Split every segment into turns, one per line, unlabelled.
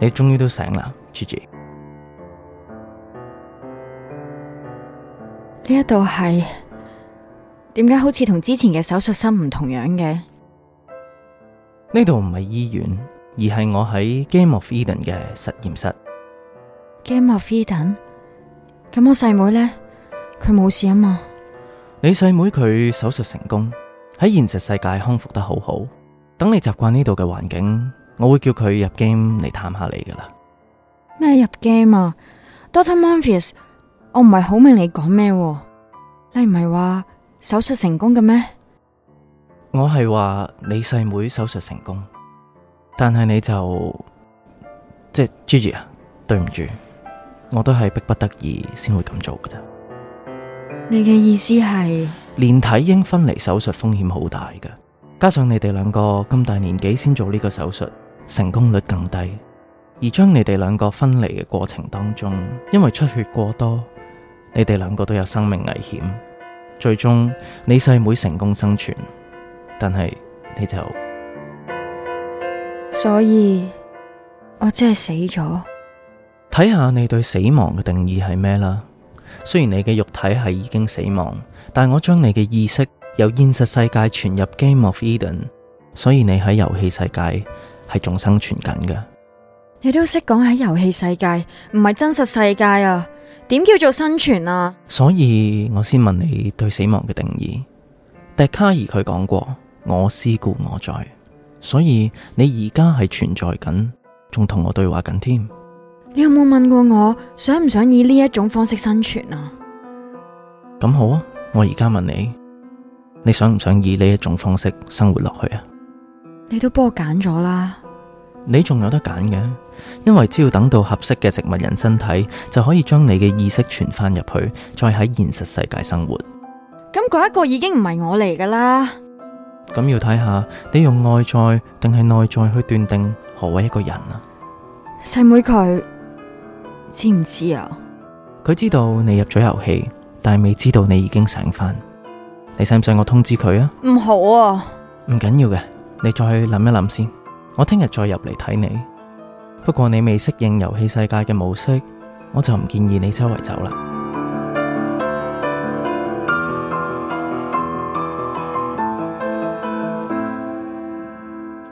你終於都醒啦，Gigi。
呢一度係？點解好似同之前嘅手術室唔同樣嘅？
呢度唔係醫院，而係我喺 Game of Eden 嘅實驗室。
Game of Eden，咁我細妹呢？佢冇事啊嘛？
你細妹佢手術成功，喺現實世界康復得好好。等你習慣呢度嘅環境，我會叫佢入 game 嚟探下你噶啦。
咩入 game 啊，Doctor Morpheus，我唔係好明你講咩？你唔係話手術成功嘅咩？
我係話你細妹手術成功，但係你就即係 Gigi 啊？對唔住，我都係逼不得已先會咁做噶咋。
你嘅意思係
連體嬰分離手術風險好大嘅。加上你哋兩個咁大年紀先做呢個手術，成功率更低。而將你哋兩個分離嘅過程當中，因為出血過多，你哋兩個都有生命危險。最終你細妹成功生存，但係你就，
所以，我真係死咗。
睇下你對死亡嘅定義係咩啦？雖然你嘅肉體係已經死亡，但我將你嘅意識。有現實世界傳入 Game of Eden，所以你喺遊戲世界係仲生存緊嘅。
你都識講喺遊戲世界唔係真實世界啊？點叫做生存啊？
所以我先問你對死亡嘅定義。笛卡爾佢講過：我思故我在。所以你而家係存在緊，仲同我對話緊添。
你有冇問過我想唔想以呢一種方式生存啊？
咁好啊，我而家問你。你想唔想以呢一種方式生活落去啊？
你都幫我揀咗啦。
你仲有得揀嘅，因為只要等到合適嘅植物人身體，就可以將你嘅意識傳翻入去，再喺現實世界生活。
咁嗰一個已經唔係我嚟噶啦。
咁要睇下你用外在定係內在去斷定何謂一個人啊？
細妹佢知唔知啊？
佢知道你入咗遊戲，但係未知道你已經醒翻。你使唔使我通知佢啊？唔好啊，唔緊要嘅，你再去諗一諗先。我聽日再入嚟睇你。不過你未適應遊戲世界嘅模式，我就唔建議你周圍走啦。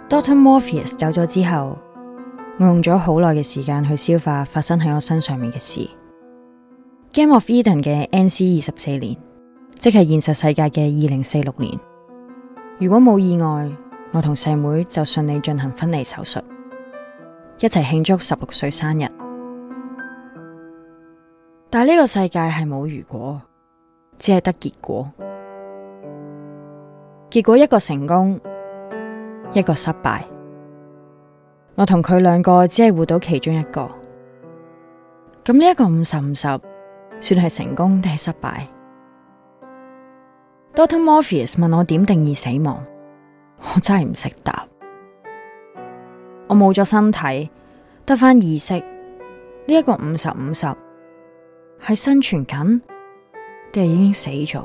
Doctor Morpheus 走咗之後，我用咗好耐嘅時間去消化發生喺我身上面嘅事。Game of Eden 嘅 N.C. 二十四年。即係現實世界嘅二零四六年，如果冇意外，我同細妹就順利進行分離手術，一齊慶祝十六歲生日。但係呢個世界係冇如果，只係得結果。結果一個成功，一個失敗。我同佢兩個只係活到其中一個。咁呢一個五十五十，算係成功定係失敗？Doctor Morpheus 問我點定義死亡，我真係唔識答。我冇咗身體，得返意識，呢一個五十五十係生存緊，定係已經死咗？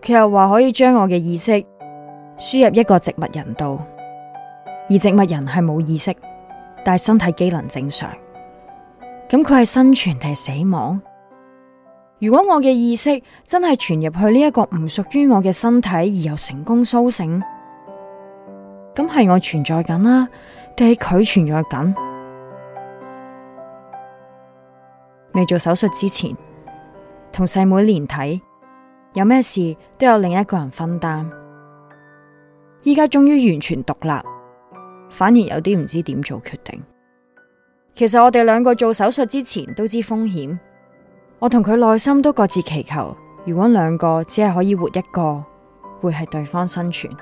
佢又話可以將我嘅意識輸入一個植物人度，而植物人係冇意識，但係身體機能正常。咁佢係生存定係死亡？如果我嘅意識真係傳入去呢一個唔屬於我嘅身體，而又成功蘇醒，咁係我存在緊啦，定係佢存在緊？未做手術之前，同細妹連體，有咩事都有另一個人分擔。依家終於完全獨立，反而有啲唔知點做決定。其實我哋兩個做手術之前都知風險。我同佢內心都各自祈求，如果兩個只係可以活一個，會係對方生存。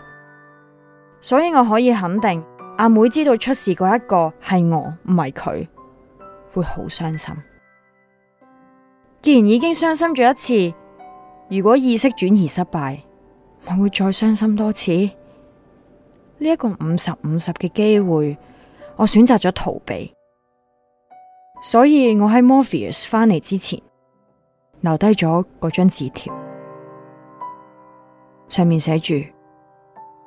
所以我可以肯定，阿妹知道出事嗰一個係我，唔係佢，會好傷心。既然已經傷心咗一次，如果意識轉移失敗，我會再傷心多次。呢一個五十五十嘅機會，我選擇咗逃避。所以我喺 Morpheus 返嚟之前，留低咗嗰張字條，上面寫住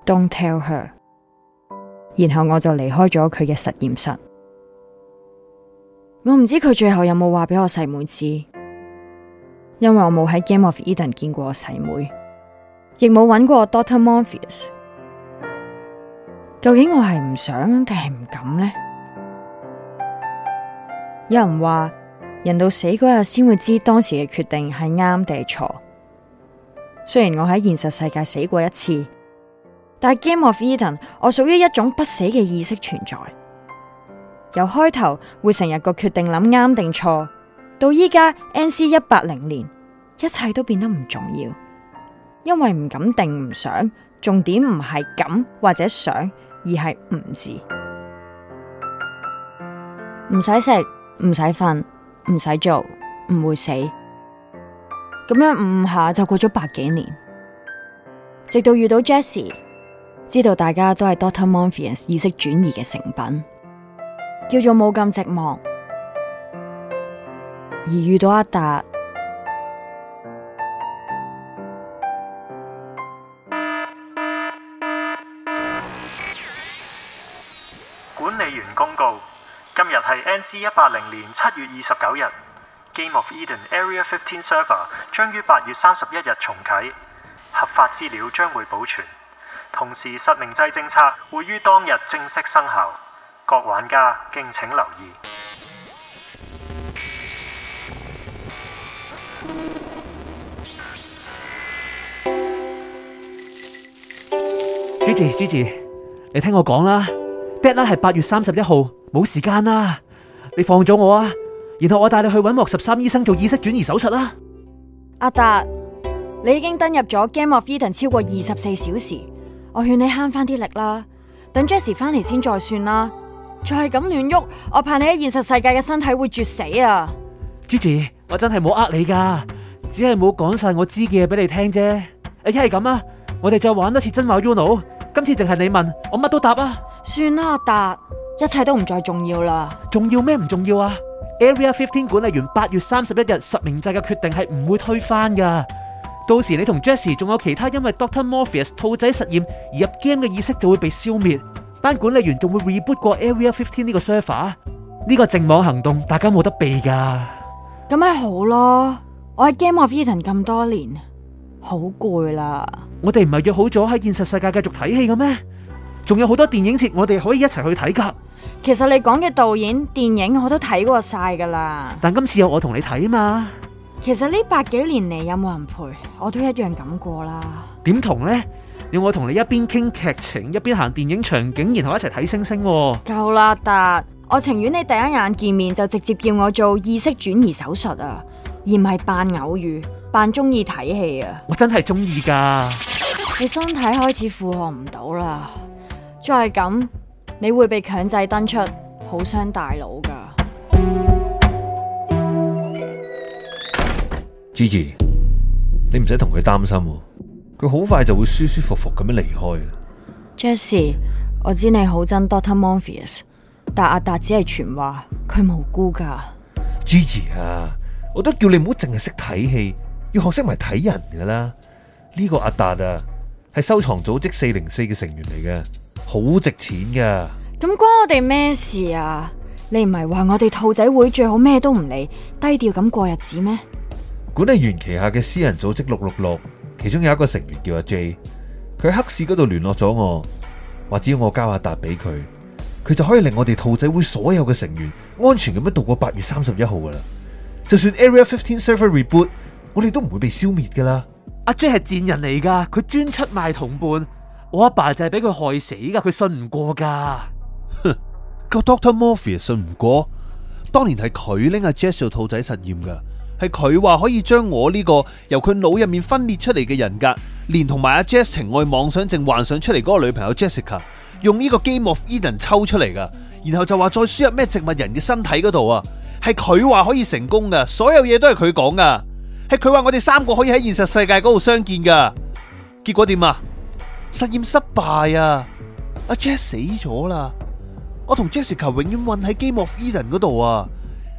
"Don't tell her"，然後我就離開咗佢嘅實驗室。我唔知佢最後有冇話俾我細妹知，因為我冇喺 Game of Eden 見過我細妹，妹，亦冇揾過 Dr Morpheus。究竟我係唔想定係唔敢呢？有人話，人到死嗰日先會知當時嘅決定係啱定係錯。雖然我喺現實世界死過一次，但係 Game of Eden，我屬於一種不死嘅意識存在。由開頭會成日個決定諗啱定錯，到依家 NC 180年，一切都變得唔重要，因為唔敢定唔想，重點唔係敢或者想而不不，而係唔字。唔使食，唔使瞓。唔使做，唔會死。咁樣唔唔下就過咗百幾年，直到遇到 Jesse，知道大家都係 Doctor Morpheus 意識轉移嘅成品，叫做冇咁寂寞，而遇到阿達。
管理員公告。今日係 NC 一八零年七月二十九日，Game of Eden Area 15 Server 將於八月三十一日重啟，合法資料將會保存，同時實名制政策會於當日正式生效，各玩家敬請留意。Gigi，Gigi，Gigi，你聽我講啦。Deadline 係八月三十一號，冇時間啦，你放咗我啊，然後我帶你去搵莫十三醫生做意識轉移手術啦。
阿達，你已經登入咗 Game of Eden 超過二十四小時，我勸你慳翻啲力啦，等 Jesse 翻嚟先再算啦。再係咁亂喐，我怕你喺現實世界嘅身體會絕死啊。
Gigi，我真係冇呃你噶，只係冇講晒我知嘅嘢俾你聽啫。一係咁啊，我哋再玩多次真話 Uno，今次淨係你問我乜都答
啊。算啦，阿達，一切都唔再重要啦。
要重要咩唔重要啊？Area Fifteen 管理員八月三十一日實名制嘅決定係唔會推翻噶。到時你同 Jesse 仲有其他因為 Doctor Morpheus 兔仔實驗而入 game 嘅意識就會被消滅。班管理員仲會 reboot 過 Area Fifteen 呢個 server。呢個淨網行動大家冇得避噶。
咁咪好咯，我喺 Game of Eden 咁多年，好攰啦。
我哋唔係約好咗喺現實世界繼續睇戲嘅咩？仲有好多電影節，我哋可以一齊去睇噶。
其實你講嘅導演電影我都睇過晒噶啦。
但今次有我同你睇啊嘛。
其實呢百幾年嚟有冇人陪，我都一樣咁過啦。
點同呢？要我同你一邊傾劇情，一邊行電影場景，然後一齊睇星星啊？
夠啦達，我情願你第一眼見面就直接叫我做意識轉移手術啊，而唔係扮偶遇，扮中意睇戲啊。
我真係中意噶。
你身體開始負荷唔到啦。再係咁，你會被強制登出，好傷大腦噶。
Gigi，你唔使同佢擔心，佢好快就會舒舒服服咁樣離開。
Jesse，我知你好憎 Dr Morpheus，但阿達只係傳話，佢無辜噶。
Gigi 啊，我都叫你唔好淨係識睇戲，要學識埋睇人噶啦。呢個阿達啊，係收藏組織四零四嘅成員嚟嘅。好值錢噶
咁關我哋咩事啊？你唔係話我哋兔仔會最好咩都唔理，低調咁過日子咩？
管理員旗下嘅私人組織六六六，其中有一個成員叫阿 J，佢喺黑市嗰度聯絡咗我，話只要我交下達俾佢，佢就可以令我哋兔仔會所有嘅成員安全咁樣度過八月三十一號噶啦。就算 Area 15 server reboot，我哋都唔會被消滅噶啦。
阿 J 係賤人嚟噶，佢專出賣同伴。我阿爸，爸就係俾佢害死噶，佢信唔過噶。
哼、 個、，Doctor Morpheus 信唔過，當年係佢拎阿 Jess 兔仔實驗噶，係佢話可以將我呢個由佢腦入面分裂出嚟嘅人格，連同埋、啊、阿 Jess 情愛妄想症幻想出嚟嗰個女朋友 Jessica，用呢個 Game of Eden 抽出嚟噶，然後就話再輸入咩植物人嘅身體嗰度啊，係佢話可以成功噶，所有嘢都係佢講噶，係佢話我哋三個可以喺現實世界嗰度相見噶，結果點啊？實驗失敗啊！阿 Jess 死咗啦，我同 Jessica 永遠困喺 Game of Eden 嗰度啊，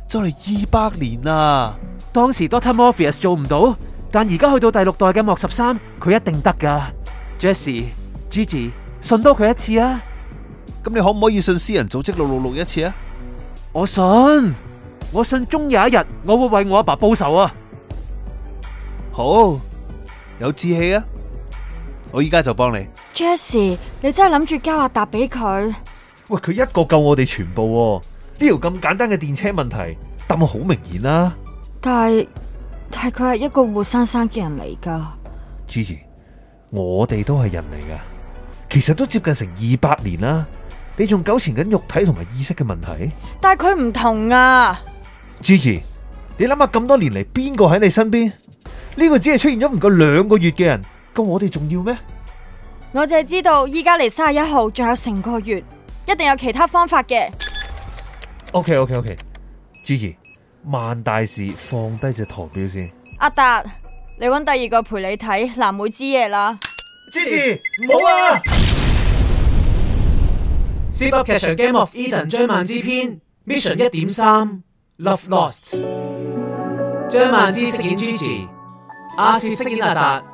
就嚟
二百年啦。當時 Doctor Morpheus 做唔到，但而家去到第六代嘅莫十三，佢一定得㗎。Jesse，Gigi，信多佢一次啊！咁你可唔可以信私人組織六六六一次啊？我信，我信，終有一日我會為我阿爸報仇啊！好，
有志氣啊！我依家就幫你
，Jesse，你真係諗住交阿達俾佢？
喂，佢一個夠我哋全部，哦，呢條咁簡單嘅電車問題，答案好明顯啦，啊。
但係，但係佢係一個活生生嘅人嚟噶。
Gigi，我哋都係人嚟噶，其實都接近成二百年啦。你仲糾纏緊肉體同埋意識嘅問題？
但係佢唔同啊。
Gigi，你諗下咁多年嚟，邊個喺你身邊？呢個只係出現咗唔夠兩個月嘅人。咁我哋仲要咩？
我淨係知道依家嚟三十一號，仲有成個月，一定有其他方法嘅。
OK, OK, OK，Gigi，萬大事放低隻陀表先。
阿達，你搵第二個陪你睇《藍莓之夜》啦。Gigi，唔
好啊！Zip 噏劇場 Game of Eden，張蔓姿篇，Mission 一點三，Love Lost，張蔓姿飾演 Gigi，阿雪飾演阿達。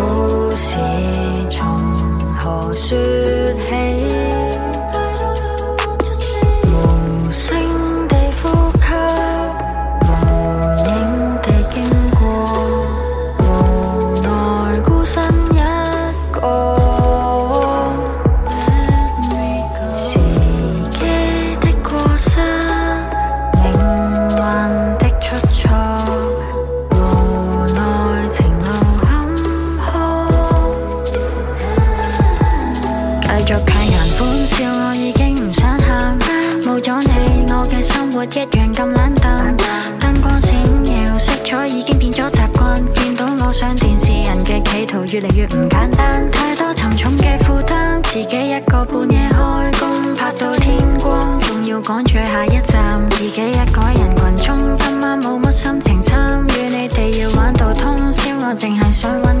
一樣咁冷淡，燈光閃耀，色彩已經變咗習慣。見到我上電視，人嘅企圖越嚟越唔簡單。太多沉重嘅負擔，自己一個半夜開工，拍到天光，仲要趕住下一站。自己一個人群中，今晚冇乜心情參與，你哋要玩到通宵，我淨係想揾。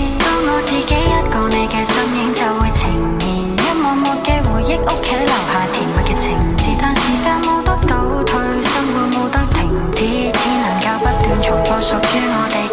我自己一個，你嘅身影就會呈現，一幕幕嘅回憶，屋企留下甜蜜嘅情節，但時間冇得倒退，生活冇得停止，只能夠不斷重播屬於我哋。